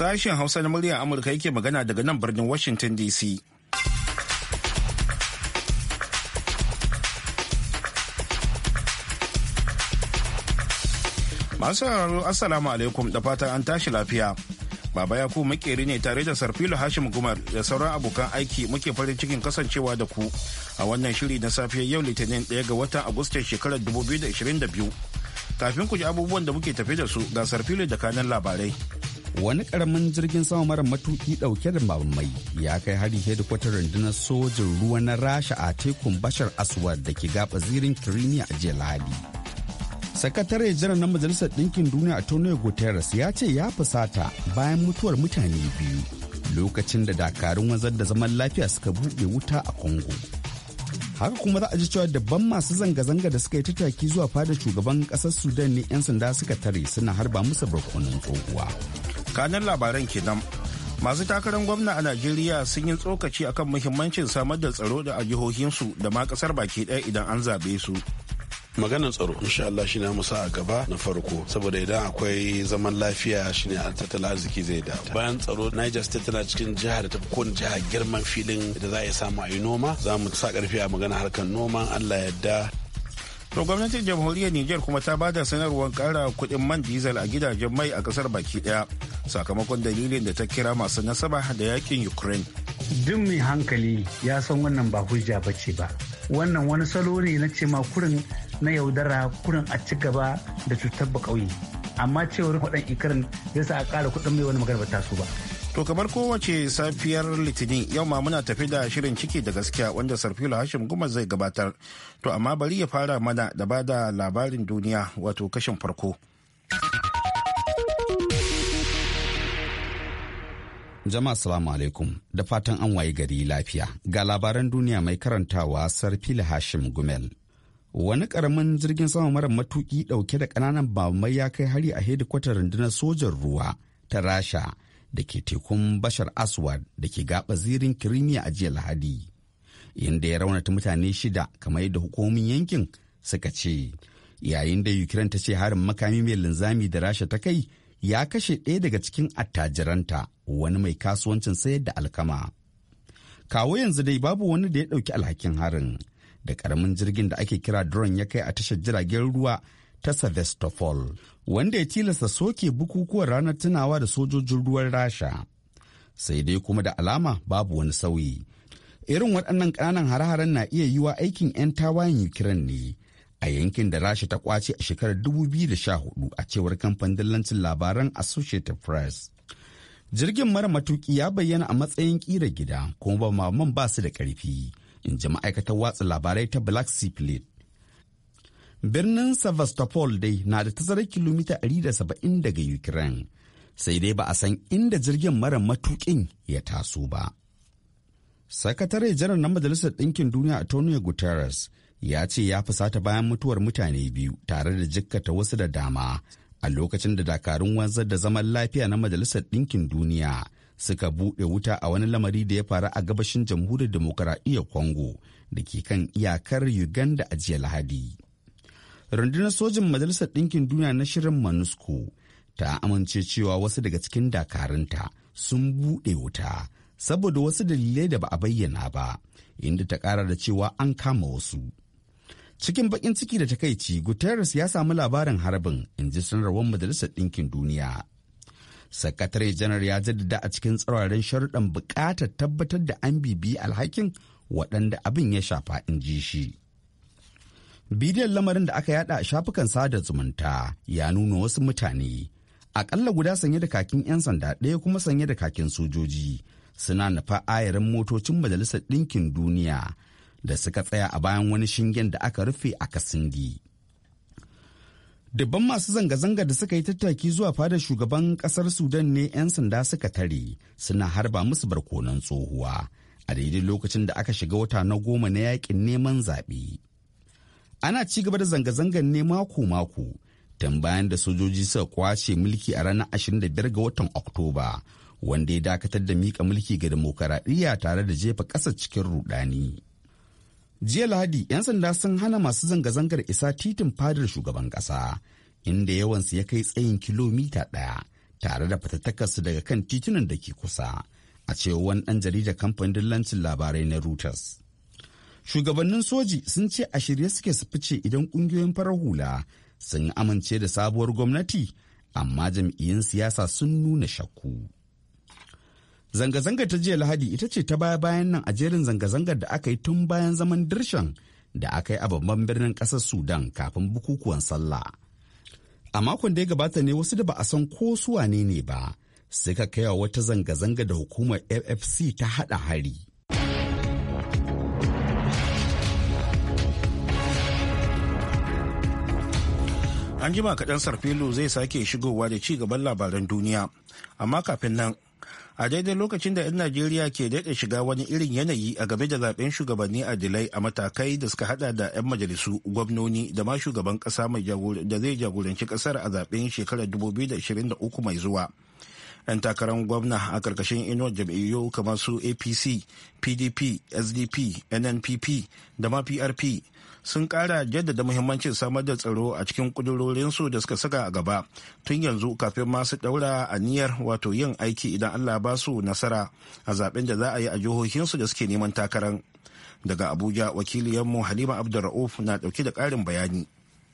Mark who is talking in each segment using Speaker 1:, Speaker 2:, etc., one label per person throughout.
Speaker 1: Sashen Hausa na muryar Amurka yake magana daga nan birnin Washington DC. Masu sauraro Assalamu alaikum da fatan an tashi lafiya. Baba Yakubu makeri ne tare da Sarfilo Hashim Gumar da sauran abokan aiki muke farin cikin kasancewa da ku a wannan shiri na safiyar yau Litinin ɗaya ga watan Agustan shekarar 2022. Kafin ku ji abubuwan da muke tafe da su ga Sarfilo da kanan labarai.
Speaker 2: wani karamin jirgin sama mara matuki dauke da mai ya kai hari hedikwatar rundunar sojin ruwa na rasha a tekun bashar aswad da ke gaba zirin kirimiya a jiya lahadi sakatare Jiran na majalisar ɗinkin duniya a antonio guterres ya ce ya fusata bayan mutuwar mutane biyu lokacin da dakarun wanzar da zaman lafiya suka buɗe wuta a congo haka kuma za a ji cewa dabban masu zanga-zanga da suka yi tattaki zuwa fadar shugaban ƙasar sudan ne 'yan sanda suka tare suna harba musu barkonon tsohuwa kanan
Speaker 1: labaran kenan masu takarar gwamna a najeriya sun yi tsokaci akan muhimmancin samar da tsaro da a jihohinsu da ma kasar baki ɗaya idan an zabe su
Speaker 3: maganar tsaro insha Allah shi na musa a gaba na farko saboda idan akwai zaman lafiya shine a tattalin arziki zai da bayan tsaro Niger State tana cikin jihar da ko jiha girman filin da za a samu a yi
Speaker 1: noma za mu sa karfi a magana harkar noma Allah yadda To gwamnatin jamhuriyar niger kuma ta bada sanarwar kara kuɗin man diesel a gidajen mai a kasar baki ɗaya sakamakon dalilin da ta kira masu nasaba da yakin Ukraine.
Speaker 4: Duk mai hankali ya san wannan ba hujja ba ce ba. Wannan wani salo ne na cema kurin na yaudara kurin a ci gaba da cutar ba ƙauye. Amma cewar kuɗin ikirin zai sa a ƙara kuɗin mai wani magana ba ta so ba.
Speaker 1: To kamar kowace safiyar litinin yau ma muna tafi da shirin ciki da gaskiya wanda sarfilo hashim guma zai gabatar. To amma bari ya fara mana da bada labarin
Speaker 2: duniya wato kashin farko. Jama'a salamu alaikum da fatan an waye gari lafiya ga labaran duniya mai karantawa sarfilo hashim gumel. Wani karamin jirgin sama mara matuki dauke da kananan bamai ya kai hari a hedikwatar rundunar sojan ruwa ta Rasha. da ke tekun bashar aswad da ke gaba zirin kirimiya a jiya lahadi inda ya raunata mutane shida kamar yadda hukumomin yankin suka ce yayin da ukraine ta ce harin makami mai linzami da rasha ta kai ya kashe ɗaya daga cikin attajiranta wani mai kasuwancin sayar da alkama kawo yanzu dai babu wani da ya ɗauki alhakin harin da ƙaramin jirgin da ake kira drone ya kai a tashar jiragen ruwa ta Sevastopol, wanda ya tilasta soke bukukuwan ranar tunawa da sojojin ruwan Rasha. Sai dai kuma da alama babu wani sauyi. Irin waɗannan ƙananan har haren na iya yiwa aikin 'yan tawayen Ukraine ne a yankin da Rasha ta kwace a shekarar 2014 a cewar kamfanin dillancin labaran Associated Press. Jirgin mara matuki ya bayyana a matsayin ƙira gida kuma ba maman ba su da ƙarfi, in ji ma'aikatar watsa labarai ta Black Sea Plate. Birnin Sevastopol dai na da tazarar kilomita 170 daga Ukraine, sai dai ba a san inda jirgin mara matuƙin ya taso ba. Sakatare janar na Majalisar Ɗinkin Duniya Antonio Guterres ya ce ya fusata bayan mutuwar mutane biyu tare da jikkata wasu da dama a lokacin da dakarun wanzar da zaman lafiya na Majalisar Ɗinkin Duniya suka buɗe wuta a wani lamari da ya faru a gabashin jamhuriyar demokaradiyyar Congo da ke kan iyakar Uganda a jiya Lahadi. rundunar sojin majalisar ɗinkin duniya na shirin Manusko, ta amince cewa wasu daga cikin dakarunta sun buɗe wuta saboda wasu dalilai da ba a bayyana ba inda ta ƙara da cewa an kama wasu cikin bakin ciki da takaici guterres ya samu labarin harbin in ji sanarwar majalisar ɗinkin duniya sakatare janar ya jaddada a cikin tsararen sharuɗan buƙatar tabbatar da an bibiyi alhakin waɗanda abin ya shafa in ji shi bidiyon lamarin da aka yada a shafukan sada zumunta ya nuna wasu mutane akalla guda sanye da kakin 'yan sanda ɗaya kuma sanye da kakin sojoji suna nufa ayarin motocin majalisar ɗinkin duniya da suka tsaya a bayan wani shingen da aka rufe a kasingi dubban masu zanga-zanga da suka yi tattaki zuwa fada shugaban kasar sudan ne 'yan sanda suka tare suna harba musu barkonan tsohuwa a daidai lokacin da aka shiga wata na goma na yakin neman zaɓe. ana ci gaba da zanga-zangar ne mako-mako tun bayan da sojoji suka kwace mulki a ranar 25 ga watan oktoba wanda ya dakatar da mika mulki ga demokaradiyya tare da jefa ƙasa cikin rudani jiya lahadi 'yan sanda sun hana masu zanga-zangar isa titin fadar shugaban ƙasa inda yawansu ya kai tsayin kilomita ɗaya tare da fatattakarsu daga kan titunan da ke kusa a cewa wani ɗan jarida kamfanin dillancin labarai na reuters shugabannin soji sun ce a shirye suke su fice idan kungiyoyin farar hula sun amince da sabuwar gwamnati amma jam'iyyun siyasa sun nuna shakku zanga-zangar ta jiya lahadi ita ce ta baya bayan nan a jerin zanga-zangar da aka yi tun bayan zaman dirshan da aka yi a babban birnin ƙasar sudan kafin bukukuwan sallah a makon da ya gabata ne wasu da ba a san ko su wane ne ba suka kaiwa wata zanga-zanga da hukumar fc ta hada hari
Speaker 1: An jima kaɗan Sarfilu zai sake shigowa da ci gaban labaran duniya. Amma kafin nan, a daidai lokacin da 'yan Najeriya ke daɗe shiga wani irin yanayi a game da zaɓen shugabanni a dilai a matakai da suka hada da 'yan majalisu, gwamnoni da ma shugaban ƙasa da zai jagoranci ƙasar a zaben shekarar 2023 mai zuwa. 'yan takarar gwamna a karkashin inuwar jam'iyyu kamar su apc pdp sdp nnpp da ma prp sun kara jaddada muhimmancin samar da tsaro a cikin kudurorinsu da suka saka a gaba tun yanzu kafin masu daura niyyar wato yin aiki idan allah ba su nasara a zaben da za a yi a jihohinsu da suke neman takarar daga abuja wakiliyarmu halima abdulra'uf na dauke da karin bayani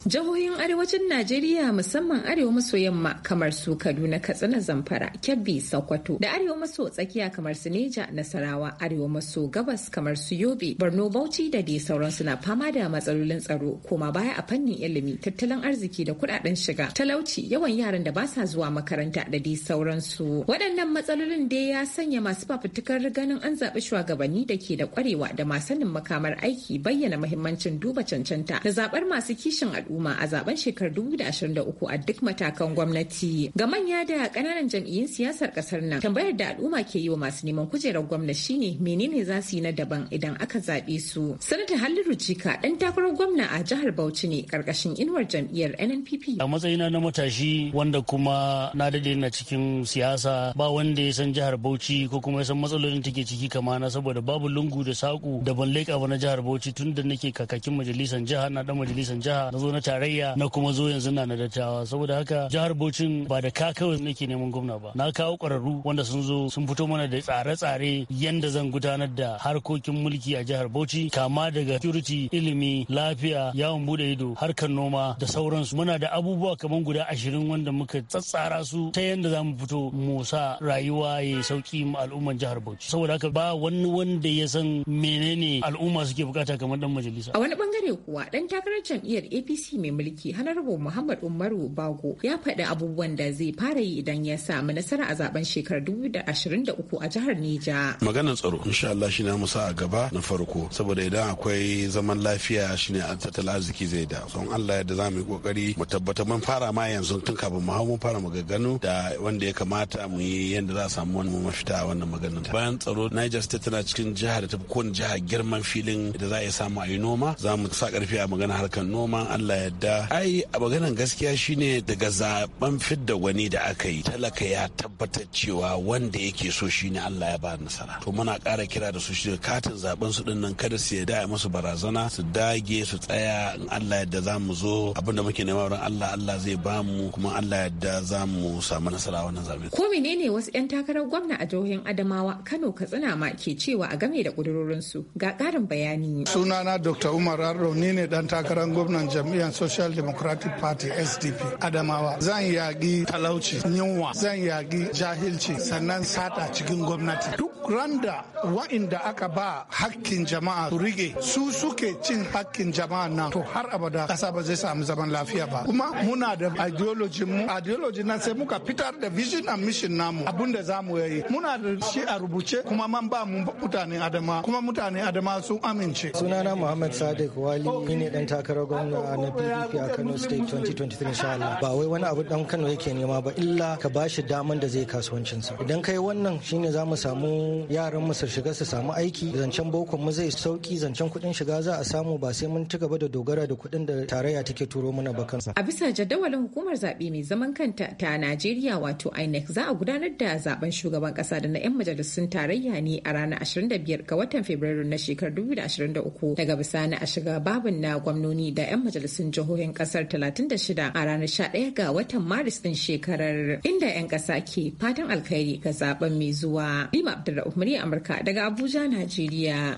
Speaker 5: Jihohin arewacin Najeriya musamman arewa maso yamma kamar su Kaduna, Katsina, Zamfara, Kebbi, Sokoto da arewa maso tsakiya kamar su Neja, Nasarawa, arewa maso gabas kamar su Yobe, Borno, Bauchi da dai sauransu na fama da matsalolin tsaro koma baya a fannin ilimi, tattalin arziki da kudaden shiga, talauci, yawan yaran da ba sa zuwa makaranta da dai sauransu. Waɗannan matsalolin dai ya sanya masu fafutukar ganin an zaɓi shugabanni da ke da ƙwarewa da masanin makamar aiki bayyana muhimmancin duba cancanta da zaɓar masu kishin al'umma al'umma a zaben shekarar 2023 a duk matakan gwamnati. Ga manya da ƙananan jam'iyyun siyasar kasar nan tambayar da al'umma ke yi wa masu neman kujerar gwamna shine menene za su yi na daban idan aka zaɓe su. Sanata halilu Jika ɗan takarar gwamna a jihar Bauchi ne karkashin inuwar jam'iyyar NNPP.
Speaker 6: A matsayina na matashi wanda kuma na dade na cikin siyasa ba wanda ya san jihar Bauchi ko kuma ya san matsalolin take ciki kama na saboda babu lungu da saƙo da ban leƙa ba na jihar Bauchi tun da nake kakakin majalisar jiha na dan majalisar jiha na zo na tarayya na kuma zo yanzu na dattawa saboda haka jihar Bauchin ba da ka kawai nake neman gwamna ba na kawo ƙwararru wanda sun zo sun fito mana da tsare-tsare yanda zan gudanar da harkokin mulki a jihar Bauchi kama daga security ilimi lafiya yawon bude ido harkar noma da sauransu muna da abubuwa kamar guda ashirin wanda muka tsatsara su ta yanda za mu fito mu sa rayuwa ya sauki ma al'umman jihar Bauchi saboda haka ba wani wanda ya san menene al'umma suke bukata kamar dan majalisa a wani
Speaker 5: bangare kuwa dan takarar jam'iyyar APC gwamnati mai mulki Hanarbo Muhammad Umaru Bago ya faɗi abubuwan da zai fara yi idan ya samu nasara a zaben shekarar 2023 a jihar Neja.
Speaker 3: Maganar tsaro insha Allah shi na musa a gaba na farko saboda idan akwai zaman lafiya shine a tattalin arziki zai da. Son Allah yadda za mu yi kokari mu tabbatar mun fara ma yanzu tun kafin mu hau mun fara maganganu da wanda ya kamata mu yi yadda za a samu wani mafita a wannan maganar. Bayan tsaro Niger State tana cikin jihar da ta fi kowane jihar girman filin da za a samu a yi noma za mu sa karfi a magana harkar noma Allah Allah yadda ai a maganan gaskiya shine daga zaben fidda wani da aka yi talaka ya tabbatar cewa wanda yake so shine Allah ya ba nasara to muna ƙara kira da su shi katin zaben su din nan kada su yarda ya musu barazana su dage su tsaya in Allah yadda za mu zo abinda muke nema wurin Allah Allah zai ba mu kuma Allah yadda za mu samu nasara wannan zaben
Speaker 5: ko menene wasu yan takarar gwamna a jihohin Adamawa Kano Katsina ma ke cewa a game da kudurorin su ga ƙarin bayani
Speaker 3: sunana Dr. Umar Ardo ne dan takarar gwamnan jami'a Nigerian social democratic party sdp adamawa zan yaƙi talauci yunwa zan yaƙi jahilci sannan sata cikin gwamnati duk randa wa'inda aka ba hakkin jama'a su rige su suke cin hakkin jama'a na to har abada kasa ba zai samu zaman lafiya ba kuma muna da ideology mu ideology nan sai muka fitar da vision and mission namu abinda za mu yi muna da shi a rubuce kuma man ba mu mutanen adama kuma mutanen adama sun
Speaker 4: amince sunana muhammad sadiq wali ni ne dan takarar gwamna na a Kano State 2023 insha Allah ba wai wani abu dan Kano yake nema ba illa ka bashi daman da zai kasuwancinsa idan kai wannan shine zamu mu samu yaran mu su shiga su samu aiki zancen boko mu zai sauki zancen kuɗin shiga za a samu ba sai mun ci gaba da dogara da kuɗin da tarayya take turo mana ba kansa a
Speaker 5: bisa jadawalin hukumar zaɓe mai zaman kanta ta Najeriya wato INEC za a gudanar da zaben shugaban ƙasa da na 'yan majalisun tarayya ne a ranar 25 ga watan Fabrairu na shekarar 2023 daga bisani a shiga babin na gwamnoni da 'yan majalisun gwamnatin jihohin kasar 36 a ranar 11 ga watan Maris din shekarar inda 'yan kasa ke fatan alkhairi ga zaben mai zuwa. Lima Abdulrahman murya Amurka daga Abuja, Najeriya.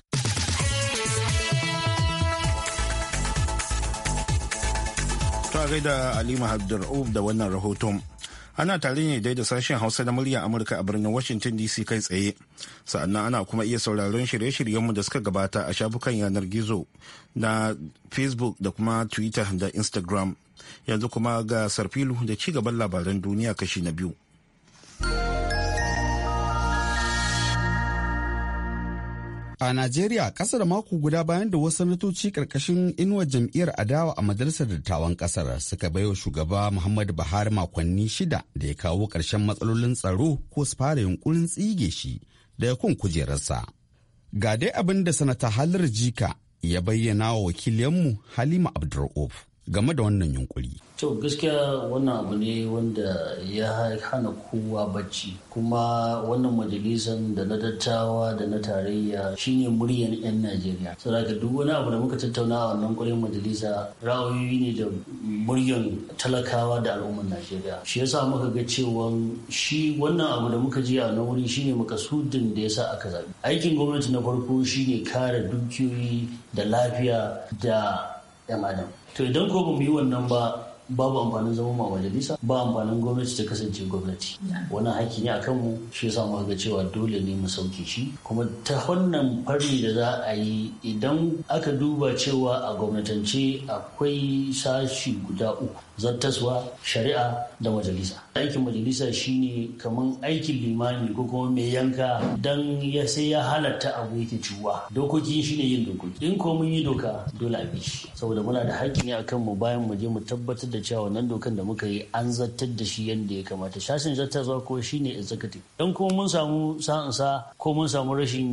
Speaker 5: Ta
Speaker 1: gaida Halima Abdulrauf da wannan rahoton. ana tare ne dai da sashen hausa da murya amurka a birnin washington dc kai tsaye sa'annan ana kuma iya sauraron shirye-shiryenmu da suka gabata a shafukan yanar gizo na facebook da kuma twitter da instagram yanzu kuma ga sarfilu da ci gaban labaran duniya kashi na biyu
Speaker 2: A Najeriya ƙasa mako guda bayan da wasu sanatoci ƙarƙashin inuwar jam'iyyar adawa a majalisar dattawan ƙasar suka baiwa shugaba Muhammadu Buhari makonni shida da ya kawo ƙarshen matsalolin tsaro ko su fara yunkurin tsige shi da ya kun kujerarsa. Ga dai abin da sanata Halar Jika ya bayyana wa wakilinmu Halima Abdulrauf. game da wannan yunkuri.
Speaker 6: To gaskiya wannan abu ne wanda ya hana kowa bacci kuma wannan majalisan da na dattawa da na tarayya shine muryan 'yan Najeriya. Saboda duk wani abu da muka tattauna a wannan majalisa ra'ayoyi ne da muryar talakawa da al'ummar Najeriya. Shi yasa muka ga cewa shi wannan abu da muka ji a nan wuri shine makasudin da yasa aka zabi. Aikin gwamnati na farko shine kare dukiyoyi da lafiya da 'yan adam. to idan ko ba mu yi wannan ba babu amfanin zama ma majalisa ba amfanin gwamnati ta kasance gwamnati Wannan haƙƙi ne akan mu shi yasa mu ga cewa dole ne mu sauke shi kuma ta wannan farni da za a yi idan aka duba cewa a gwamnatance akwai sashi guda uku zartaswa shari'a da majalisa aikin majalisa shine kamar aikin limani ko kuma mai yanka don ya sai ya halatta abu yake ciwa dokoki shine yin dokoki in ko mun yi doka dole a bi shi saboda muna da haƙƙi ne akan mu bayan mu je mu tabbatar da cewa wannan dokan da muka yi an zartar da shi yadda ya kamata shashin zartaswa ko shine executive dan kuma mun samu sa'ansa ko mun samu rashin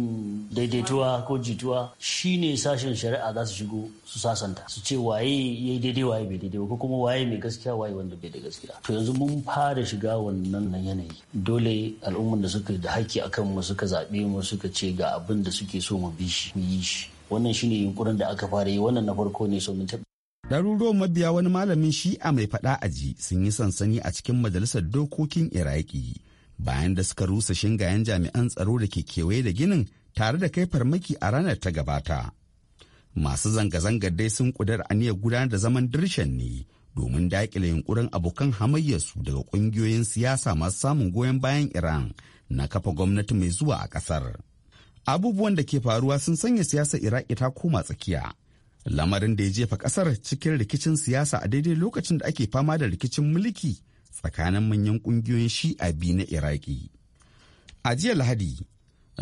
Speaker 6: daidaituwa ko jituwa shine sashen shari'a za su shigo su sasanta su ce waye ya yi daidai waye bai daidai ko kuma waye da gaskiya waye wanda bai da gaskiya to yanzu mun fara shiga wannan yanayi dole al'umman da suka da haƙƙi akan mu suka zaɓe mu suka ce ga abin da suke so mu bi shi mu yi shi wannan
Speaker 2: shine yunkurin
Speaker 6: da aka fara yi wannan na farko ne so
Speaker 2: mun Ɗaruruwan mabiya wani malamin shi'a mai faɗa aji sun yi sansani a cikin majalisar dokokin Iraki bayan da suka rusa shingayen jami'an tsaro da ke kewaye da ginin tare da kai farmaki a ranar ta gabata. Masu zanga-zangar dai sun ƙudar aniyar gudanar da zaman dirshan ne domin daƙile yunkurin abokan hamayyarsu daga ƙungiyoyin siyasa masu samun goyon bayan Iran na kafa gwamnati mai zuwa a ƙasar. Abubuwan da ke faruwa sun sanya siyasar Iraki ta koma tsakiya. Lamarin da ya jefa ƙasar cikin rikicin siyasa a daidai lokacin da ake fama da rikicin mulki tsakanin manyan ƙungiyoyin shi'a biyu na Iraki. A jiya Lahadi,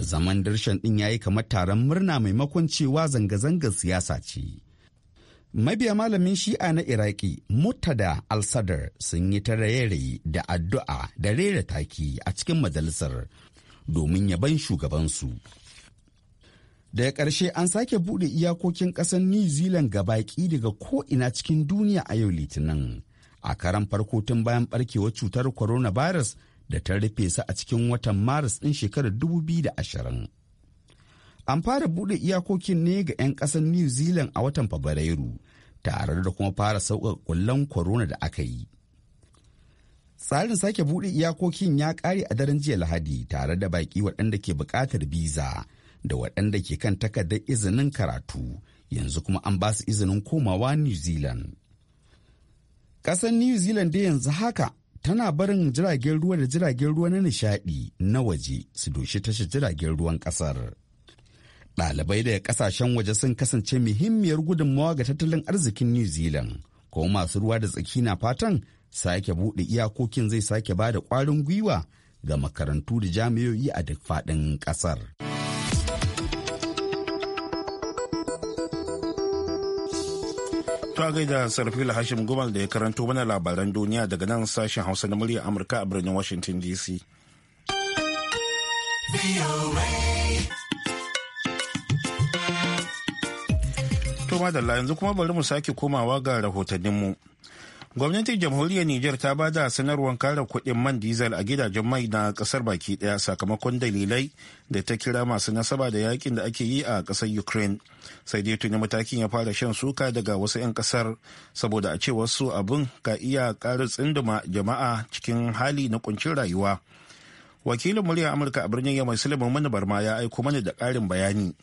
Speaker 2: zaman darshen ɗin ya yi kamar taron murna maimakon cewa zanga-zangar siyasa ce. Mabiya malamin shi'a na Iraki Murtada al-Sadr sun yi ta raye da addu'a da rera taki a cikin majalisar domin yaban shugabansu. Daga ƙarshe an sake buɗe iyakokin ƙasar New Zealand ga baƙi daga ko'ina cikin duniya a yau Litinin. A karan farko tun bayan ɓarkewar cutar coronavirus da ta rufe su a cikin watan Maris ɗin shekarar 2020. An fara buɗe iyakokin ne ga 'yan ƙasar New Zealand a watan Fabrairu, tare da kuma fara sauƙaƙa ƙwallon corona da aka yi. Tsarin sake buɗe iyakokin ya ƙare a daren jiya Lahadi tare da baƙi waɗanda ke buƙatar biza da waɗanda ke kan takardar izinin karatu, yanzu kuma an ba su izinin komawa New Zealand. Ƙasar New Zealand da yanzu haka tana barin jiragen ruwa da jiragen ruwa na nishaɗi na waje su doshi tashar jiragen ruwan ƙasar. Ɗalibai daga ƙasashen waje sun kasance muhimmiyar gudunmawa ga tattalin arzikin New Zealand, kuma masu ruwa da tsaki na fatan sake buɗe iyakokin zai sake ba da ƙwarin gwiwa ga makarantu da jami'o'i a duk faɗin ƙasar.
Speaker 1: Ta gaida sarfila Hashim Gumal da ya karanto mana labaran duniya daga nan sashen Hausa na murya Amurka a birnin Washington DC. to madalla yanzu kuma bari mu sake komawa ga rahotanninmu. Gwamnatin jamhuriyar Nijar ta ba da sanarwar kare kuɗin man diesel a gidajen mai na ƙasar baki ɗaya sakamakon dalilai da ta kira masu nasaba da yakin da ake yi a ƙasar Ukraine. Sai dai tuni matakin ya fara shan suka daga wasu 'yan ƙasar saboda a ce wasu abin ka iya ƙarin tsinduma jama'a cikin hali na kuncin rayuwa. Wakilin murya Amurka a birnin Yamai Sulaiman Mani Barma ya aiko mana da ƙarin bayani.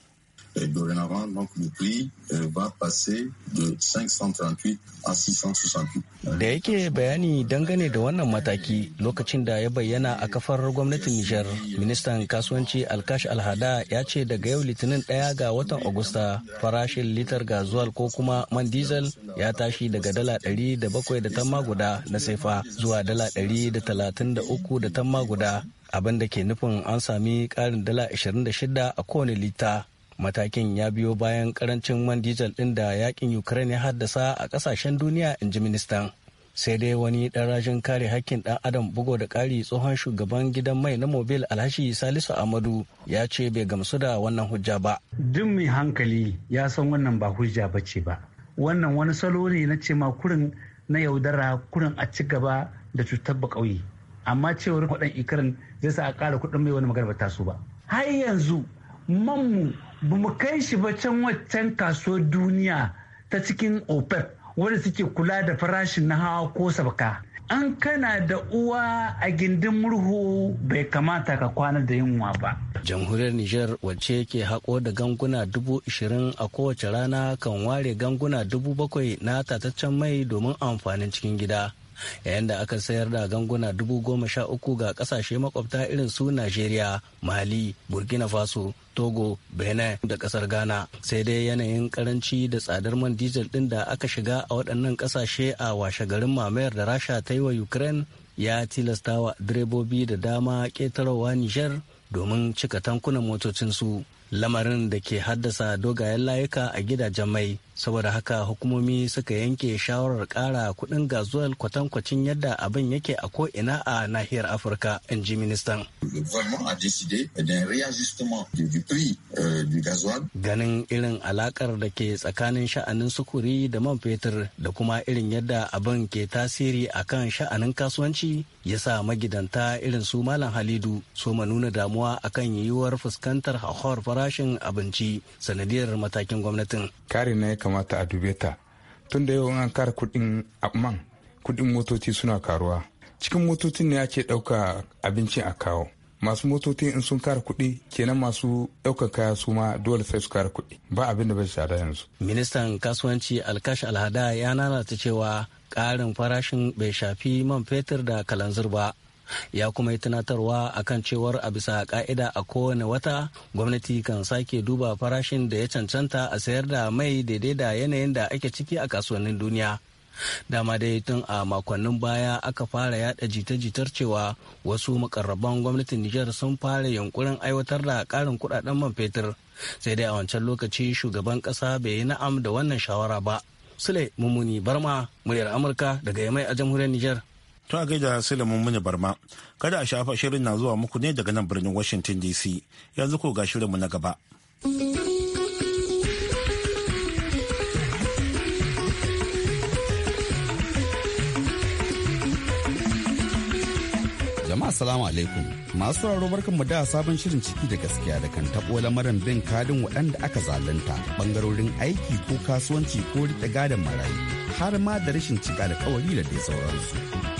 Speaker 7: Et euh, dorénavant, donc, le prix euh,
Speaker 2: va passer de 538 à 668.
Speaker 4: Da yake bayani dangane da wannan mataki lokacin da ya bayyana a kafar gwamnatin Nijar, ministan kasuwanci Alkash Alhada ya ce daga yau litinin ɗaya ga watan Agusta farashin litar gazuwal ko kuma man diesel ya tashi daga dala ɗari da bakwai da tamma guda na saifa zuwa dala ɗari da talatin da uku da tamma guda abin da ke nufin an sami ƙarin dala 26 a kowane lita matakin ya biyo bayan karancin man diesel ɗin da yakin ukraine ya haddasa a ƙasashen duniya in ji ministan sai dai wani ɗan rajin kare hakkin ɗan adam bugo da ƙari tsohon shugaban gidan mai na mobil alhashi salisu amadu ya ce bai gamsu da wannan hujja ba duk mai hankali ya san wannan ba hujja ba ce ba wannan wani salo ne na ce ma kurin na yaudara kurin a ci gaba da cutar ba ƙauye amma cewar kwaɗan ikirin zai sa a ƙara kuɗin mai wani magana ba su ba har yanzu manmu ba mu kai shi ba can waccan kasuwar duniya ta cikin Opec wanda suke kula da farashin na hawa ko sabka an kana da uwa a gindin murhu bai kamata ka kwana da yunwa ba. jamhuriyar niger wacce ke hako da ganguna dubu ishirin a kowace rana kan ware ganguna dubu bakwai na tataccen mai domin amfanin cikin gida yayin da aka sayar da ganguna dubu goma sha uku ga kasashe makwabta irin su Najeriya, Mali, Burkina Faso, Togo, Benin da kasar Ghana. Sai dai yanayin karanci da tsadar man diesel din da aka shiga a waɗannan kasashe a washe garin mamayar da Rasha ta yi wa Ukraine ya tilasta wa direbobi da dama ƙetarowa niger domin cika tankunan motocinsu. Lamarin da ke haddasa dogayen layuka a gidajen mai saboda haka hukumomi suka yanke shawarar kara kudin gazuwal kwatankwacin yadda abin yake a ko'ina a nahiyar afirka in ji ministan euh, ganin irin alakar da ke tsakanin sha'anin sukuri da man fetur da kuma irin yadda abin ke tasiri a kan sha'anin kasuwanci ya sa magidanta irin su malam halidu so ma nuna damuwa akan yiwuwar fuskantar hauhawar farashin abinci sanadiyar matakin
Speaker 2: gwamnatin kamata a dube ta tun da yawan an kara kudin man kuɗin motoci suna karuwa cikin motocin ne ake ɗauka abinci a kawo masu motoci in sun kara kuɗi kenan masu ɗaukar kaya su ma dole sai su kara kuɗi ba abin da bai shada
Speaker 7: yanzu.
Speaker 4: ministan kasuwanci alkash alhada ya nanata cewa ƙarin farashin bai shafi man fetur da kalanzir ba ya kuma yi tunatarwa a kan cewar a bisa ka'ida a kowane wata gwamnati kan sake duba farashin da ya cancanta a sayar da mai daidai da yanayin da ake ciki a kasuwannin duniya dama dai tun a makonnin baya aka fara yada jita-jitar cewa wasu makarraban gwamnatin Nijar sun fara yunkurin aiwatar da karin kudaden man fetur sai dai a wancan lokaci shugaban kasa bai yi na'am da wannan shawara ba sule mummuni barma muryar amurka daga yamai a jamhuriyar Nijar. tun a gaida Sulaiman Muni Barma. Kada a shafa shirin na zuwa muku ne daga nan
Speaker 1: birnin Washington DC. Yanzu ko ga shirinmu na gaba.
Speaker 2: Jama'a salamu alaikum. Masu sauraro mu da sabon shirin ciki da gaskiya da kan taɓo lamarin bin kadin waɗanda aka zalunta bangarorin aiki ko kasuwanci ko riƙe gadon marayu har ma da rashin cika da kawari da dai sauransu.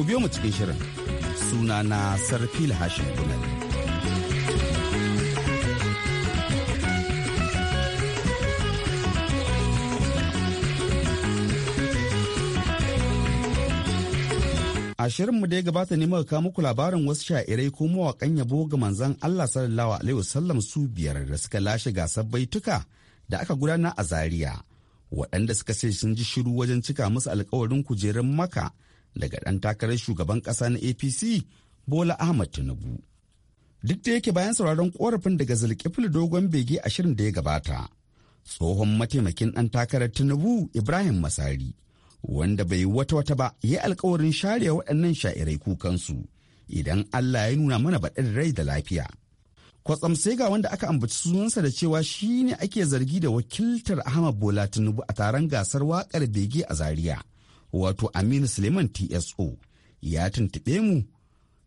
Speaker 2: ku biyo mu cikin shirin suna na sarfil hashin gunar a shirinmu da ya gabata ne muka kawo muku labarin wasu sha'irai ko mawaƙan yabo ga manzan Allah sallallahu alaihi wasallam su biyar da suka lashe gasar baituka da aka gudana a Zaria waɗanda suka sai sun ji shiru wajen cika musu alkawarin kujerun maka daga ɗan takarar shugaban ƙasa na apc bola ahmad tinubu duk da yake bayan sauraron korafin daga zulkifil dogon bege a shirin da ya gabata tsohon mataimakin ɗan takarar tinubu ibrahim masari wanda bai wata wata ba ya alkawarin share waɗannan sha'irai kukansu idan Allah ya nuna mana baɗin rai da lafiya. Kwatsam sai ga wanda aka ambaci sunansa da cewa shine ake zargi da wakiltar Ahmad Bola Tinubu a taron gasar waƙar bege a Zaria. wato Aminu Suleiman TSO ya tuntuɓe mu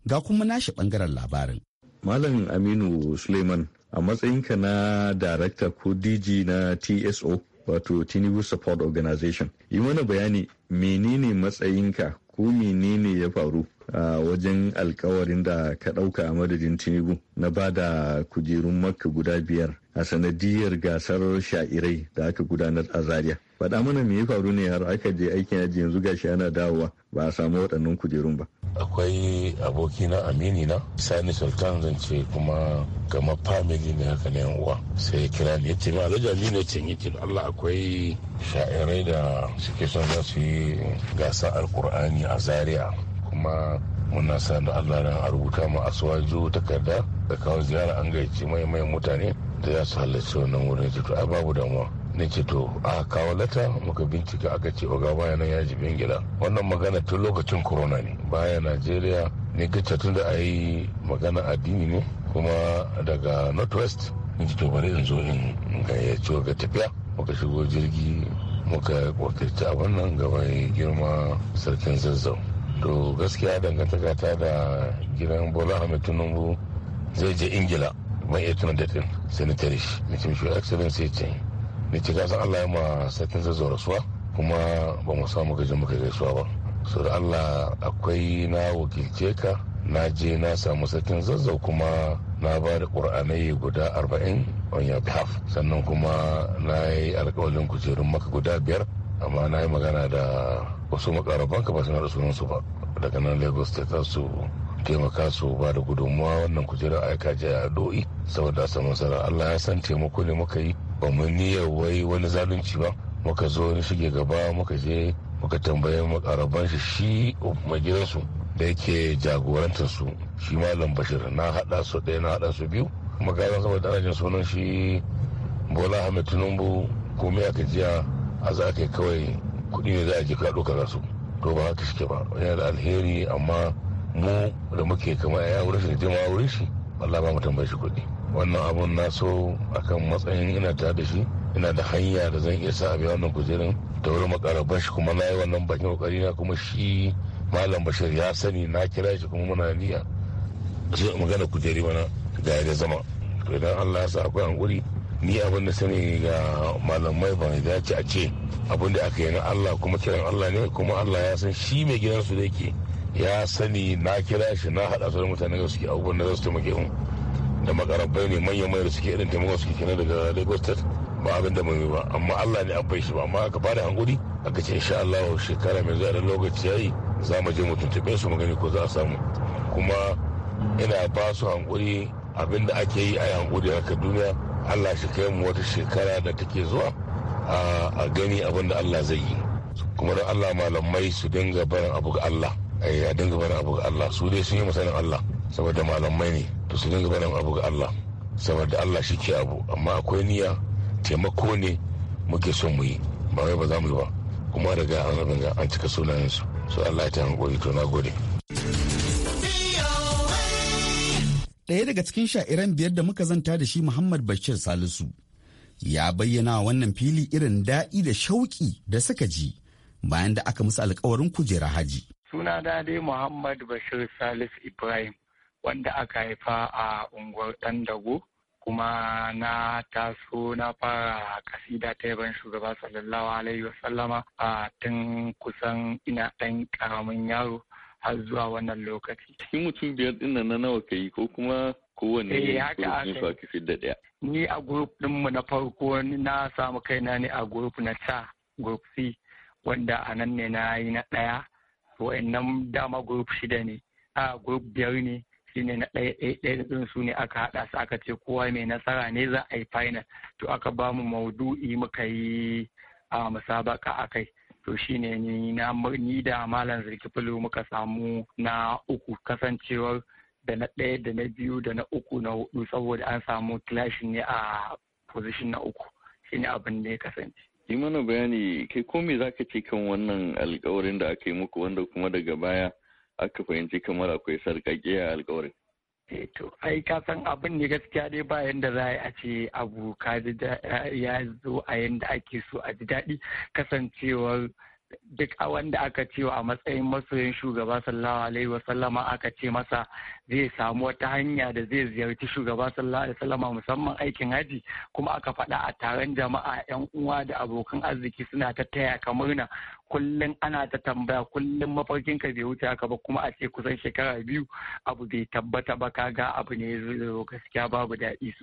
Speaker 2: ga kuma nashi ɓangaren labarin.
Speaker 8: Malam Aminu Suleiman a matsayinka na darakta ko DG na TSO wato Tinubu Support Organization. Yi mana bayani menene matsayinka ko menene ya faru wajen alkawarin da ka ɗauka a madadin tinubu na ba da kujerun makka guda biyar a sanadiyar gasar sha'irai da aka gudanar a zaria faɗa mana me ya faru ne har aka je aikin aji yanzu gashi ana dawowa ba a samu waɗannan kujerun ba
Speaker 7: akwai abokina amini na sani sultan zan ce kuma gama family ne haka ne uwa sai ya kira ni yace ma alhaji ce yace yace Allah akwai sha'irai da suke son za su yi gasar alkur'ani a zaria kuma muna sa da allah nan a rubuta mu aswaju takarda da kawo ziyara an gaici mai mai mutane da za su halarci wannan wurin to ai babu damuwa na ce to a kawo lata muka bincika aka ce oga baya nan ya ji wannan magana tun lokacin corona ne baya najeriya ne gacce tun da a yi magana addini ne kuma daga northwest in ji to bari in zo in gayyaci ga tafiya muka shigo jirgi muka wakilci a wannan gaba girma sarkin zazzau to gaskiya dangantaka ta da gidan bola hamid tinubu zai je ingila ban iya tunan da din sai mutum shi na sai ce ni ce kasan allah ya ma satin zazzau rasuwa kuma ba mu samu gajin muka gaisuwa ba so da allah akwai na wakilce ka na je na samu satin zazzau kuma na ba da ƙur'anai guda arba'in on your behalf sannan kuma na yi alƙawalin kujerun maka guda biyar amma na yi magana da wasu makarabanka ba suna da sunansu ba daga nan lagos ta ta su taimaka su ba da gudunmuwa wannan kujerar a aika ji a do'i saboda samu nasara allah ya san taimako ne muka yi ba mu niyyar wai wani zalunci ba muka zo shige gaba muka je muka tambaye makaraban shi shi mai gidansu da yake jagorantar su shi malam bashir na hada su ɗaya na hada su biyu magana saboda ana jin sunan shi bola ahmed tinubu komai aka jiya a za ka kawai kuɗi ne za a je ka ɗaukar su to ba haka shi ba yana da alheri amma mu da muke kama ya wuri shi da a wurin shi Allah ba mu tambaye shi kuɗi wannan abun na so akan matsayin ina ta da shi ina da hanya da zan iya sa a wannan kujerun da wurin makarabar shi kuma na yi wannan bakin kokari na kuma shi malam bashir ya sani na kira shi kuma muna niyya sai magana kujeri mana ga ya zama to idan Allah ya sa akwai hankuri ni abin da sani ga malamai ba ce a ce abin da aka yi na Allah kuma kiran Allah ne kuma Allah ya san shi mai gidansu da yake ya sani na kira shi na haɗa su da mutane da suke abubuwan da za su taimake mu da makarabai ne manyan mai da suke irin taimakon suke kina daga Lagos State ba abin da mai ba amma Allah ne abbai shi ba amma aka da hankuri aka ce insha Allah shekara mai zuwa da lokaci yayi za mu je mu tuntube su mu gani ko za a samu kuma ina ba su hankuri abin da ake yi a yi a haka duniya allah shi kai mu wata shekara da take zuwa a gani abin da allah zai yi kuma don allah malamai su dinga barin abu ga allah eh, a dinga barin abu ga allah su dai sun yi masanin allah saboda malamai ne to su dinga barin abu ga allah saboda allah shi ke abu amma akwai niyya taimako ne muke son mu yi ba wai ba za mu yi ba kuma daga an rabin an cika sunan su allah ya ta hankali to na gode
Speaker 2: ɗaya daga cikin sha'iran biyar da muka zanta da shi Muhammad Bashir Salisu ya bayyana wannan fili irin daɗi da shauƙi da suka ji bayan da aka musu alkawarin kujera haji.
Speaker 9: Suna da dai Muhammad Bashir Salisu Ibrahim wanda aka haifa a unguwar ɗan dago, kuma na taso na fara kasida ta yaban shugaba sallallahu alaihi wasallama a tun kusan ina ɗan ƙaramin yaro har zuwa wannan lokaci. Cikin mutum biyar ɗin na nawa ka yi ko kuma
Speaker 8: kowane eh, ne ko fa ka fi da ɗaya.
Speaker 9: Ni a grup ɗinmu na farko na samu kaina ne a group na ta group C wanda a nan ne na yi na ɗaya. Wa'annan dama group shida ne a group biyar ne shine na ɗaya ɗaya ɗin su ne aka haɗa su aka ce kowa mai nasara ne za a yi final to aka ba mu maudu'i muka yi a musabaka a kai to shi ni ni da malam zirki zirkifulu muka samu na uku kasancewar da na ɗaya da na biyu da na uku na hudu saboda an samu kilashin ne a position na uku shine abin da ya kasance
Speaker 8: yi mana bayani kai ko me zaka ce kan wannan alkawarin da aka yi muku wanda kuma daga baya aka fahimci kamar akwai sarƙaƙiya alkawarin
Speaker 9: eh to ai ka san abin ne gaskiya dai ba yanda za a ce abu ka ya zo a yanda ake so a ji daɗi kasancewar duk wanda aka ce a matsayin masoyin shugaba sallallahu alaihi wasallama aka ce masa zai samu wata hanya da zai ziyarci shugaba sallallahu alaihi wasallama musamman aikin haji kuma aka faɗa a taron jama'a yan uwa da abokan arziki suna ta taya ka murna kullum ana ta tambaya kullum mafarkin ka bai wuce haka ba kuma a ce kusan shekara biyu abu bai tabbata ba kaga abu ne gaskiya babu daɗi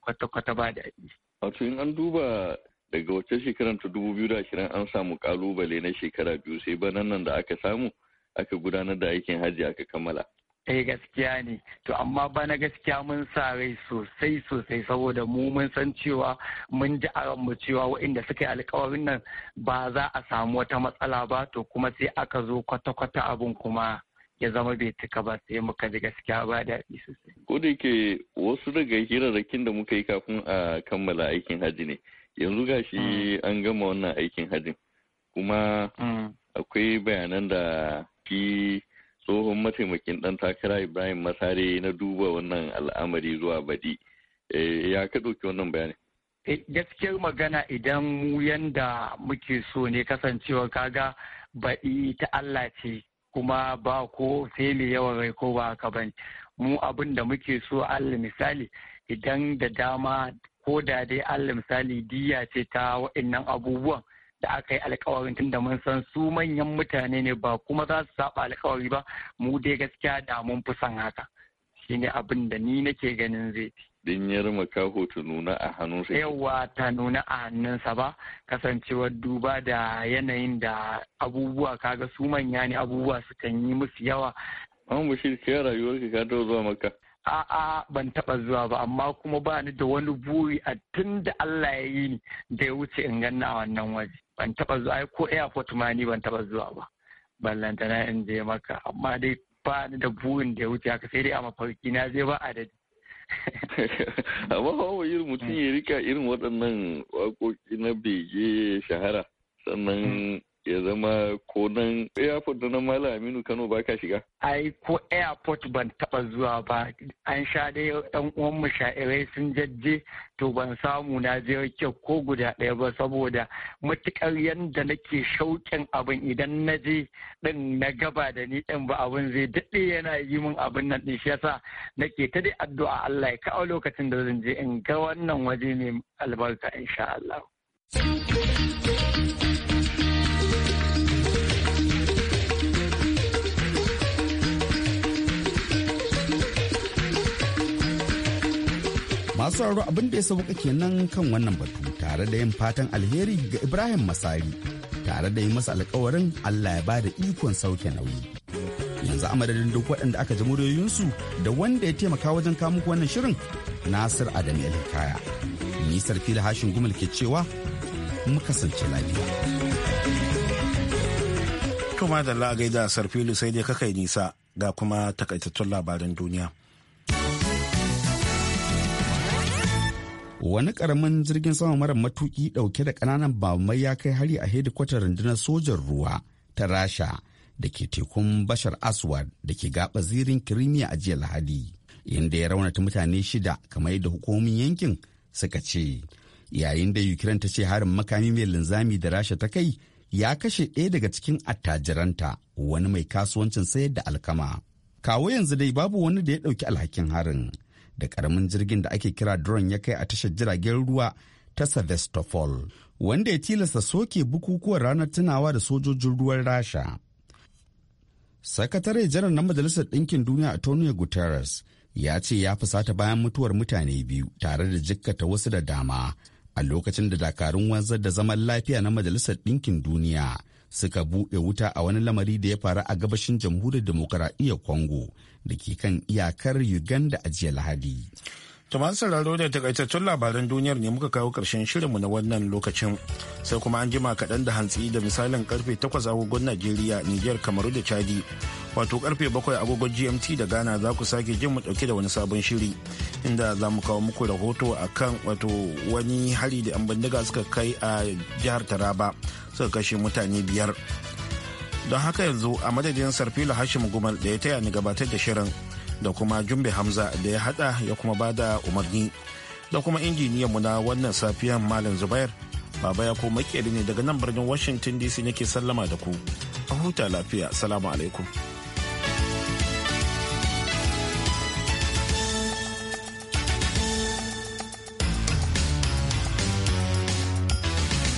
Speaker 9: kwata-kwata ba daɗi.
Speaker 8: Wato in an duba daga wacce shekarar ta ashirin an samu kalubale na shekara biyu sai banan nan da aka samu aka gudanar da aikin hajji aka kammala
Speaker 9: eh gaskiya ne to amma bana gaskiya mun sa rai sosai sosai saboda mu mun san cewa mun ji a mu cewa waɗanda suka yi alkawarin nan ba za a samu wata matsala ba to kuma sai aka zo kwata-kwata abun kuma ya zama bai cika ba sai muka ji gaskiya ba daɗi sosai.
Speaker 8: Ko da yake wasu daga hirarrakin da muka yi kafin a kammala aikin hajji ne yanzu ga shi hmm. an gama wannan aikin hajjin kuma hmm. akwai bayanan da fi tsohon mataimakin dan takara ibrahim masare na duba wannan al'amari zuwa baɗi eh, ya ka ɗauki wannan bayanin
Speaker 9: eh, gaskiyar magana idan mu yanda muke so ne kasancewa kaga baɗi ta allah ce kuma ba ko sai mai yawan rai ko ba ka ban mu abin da muke so allah misali idan da dama ko da dai allah misali diya ce ta waɗannan abubuwan da aka yi alkawarin tunda mun san su manyan mutane ne ba kuma za su saba alkawari ba mu dai gaskiya da mun fi son haka shine abin da ni nake
Speaker 8: ganin zai dinyar makaho ta nuna a hannunsa yawa
Speaker 9: ta nuna a hannunsa ba kasancewar duba da yanayin da abubuwa kaga su manya ne abubuwa sukan yi musu yawa an bashir kai rayuwarka ka zuwa maka a'a ban taba zuwa ba amma kuma ba ni da wani buri a tun da Allah ya yi ni da ya wuce in ganna a wannan waje ban taba zuwa ai ko airport ma ni ban taba zuwa ba ballantana in je maka amma dai ba ni da burin da ya wuce haka sai dai a mafarki na je ba adadi
Speaker 8: amma hawa irin mutum ya rika irin waɗannan waƙoƙi na bege shahara sannan mm. ya zama ko nan airport da nan Malam Aminu Kano ba ka shiga?
Speaker 9: Ai ko airport ban taba zuwa ba an sha dai yan uwan sha'irai sun jajje to ban samu na je kyau ko guda ɗaya ba saboda matukar yanda nake shauƙin abin idan na je ɗin na gaba da ni ɗin ba abin zai daɗe yana yi min abin nan ɗin shi yasa nake ta dai addu'a Allah ya kawo lokacin da zan je in ga wannan waje ne albarka insha Allah.
Speaker 2: masu sauraro abin da ya sauka kenan kan wannan batu tare da yin fatan alheri ga ibrahim masari tare da yi masa alkawarin allah ya bada ikon sauke nauyi yanzu a madadin duk waɗanda aka ji muryoyinsu da wanda ya taimaka wajen kamuku wannan shirin nasir adam hikaya nisar fili hashin gumal ke cewa mu kasance lafiya kuma da da sarfilu
Speaker 1: sai dai kakai nisa ga kuma takaitattun labaran duniya
Speaker 2: wani karamin jirgin sama mara matuki dauke da kananan bamai ya kai hari a hedikwatar rundunar sojan ruwa ta rasha da ke tekun bashar aswad da ke gaba zirin kirimiya a jiya lahadi inda ya raunata mutane shida kamar yadda hukumomin yankin suka ce yayin da ukraine ta ce harin makami mai linzami da rasha ta kai ya kashe ɗaya daga cikin attajiranta wani mai kasuwancin sayar da alkama kawo yanzu dai babu wani da ya ɗauki alhakin harin da karamin jirgin da ake kira drone ya kai a tashar jiragen ruwa ta Sevastopol, wanda ya tilasta soke bukukuwan ranar tunawa da sojojin ruwan Rasha. Sakatare janar na Majalisar Ɗinkin Duniya Antonio Guterres ya ce ya fusata bayan mutuwar mutane biyu tare da jikkata wasu da dama a lokacin da dakarun wanzar da zaman lafiya na Majalisar Ɗinkin Duniya suka buɗe wuta a wani lamari da ya faru a gabashin jamhuriyar demokuraɗiyyar congo da ke kan iyakar uganda a jiya lahadi Tuman
Speaker 1: sauraro da takaitattun labaran duniyar ne muka kawo ƙarshen shirinmu na wannan lokacin. Sai kuma an jima kaɗan da hantsi da misalin karfe 8 agogon Najeriya, Nijar, Kamaru da Chadi. Wato karfe 7 agogon GMT da Ghana za ku sake jin mu ɗauke da wani sabon shiri inda za mu kawo muku rahoto a kan wato wani hari da 'yan bindiga suka kai a jihar Taraba suka kashe mutane biyar. Don haka yanzu a madadin Sarfila Hashim Gumal da ya taya ni gabatar da shirin. da kuma jumbe hamza da ya hada ya kuma bada umarni da kuma injiniyanmu na wannan safiyan malam zubair baba ya ko makeri ne daga nan birnin washington dc nake sallama da ku a huta lafiya salamu alaikum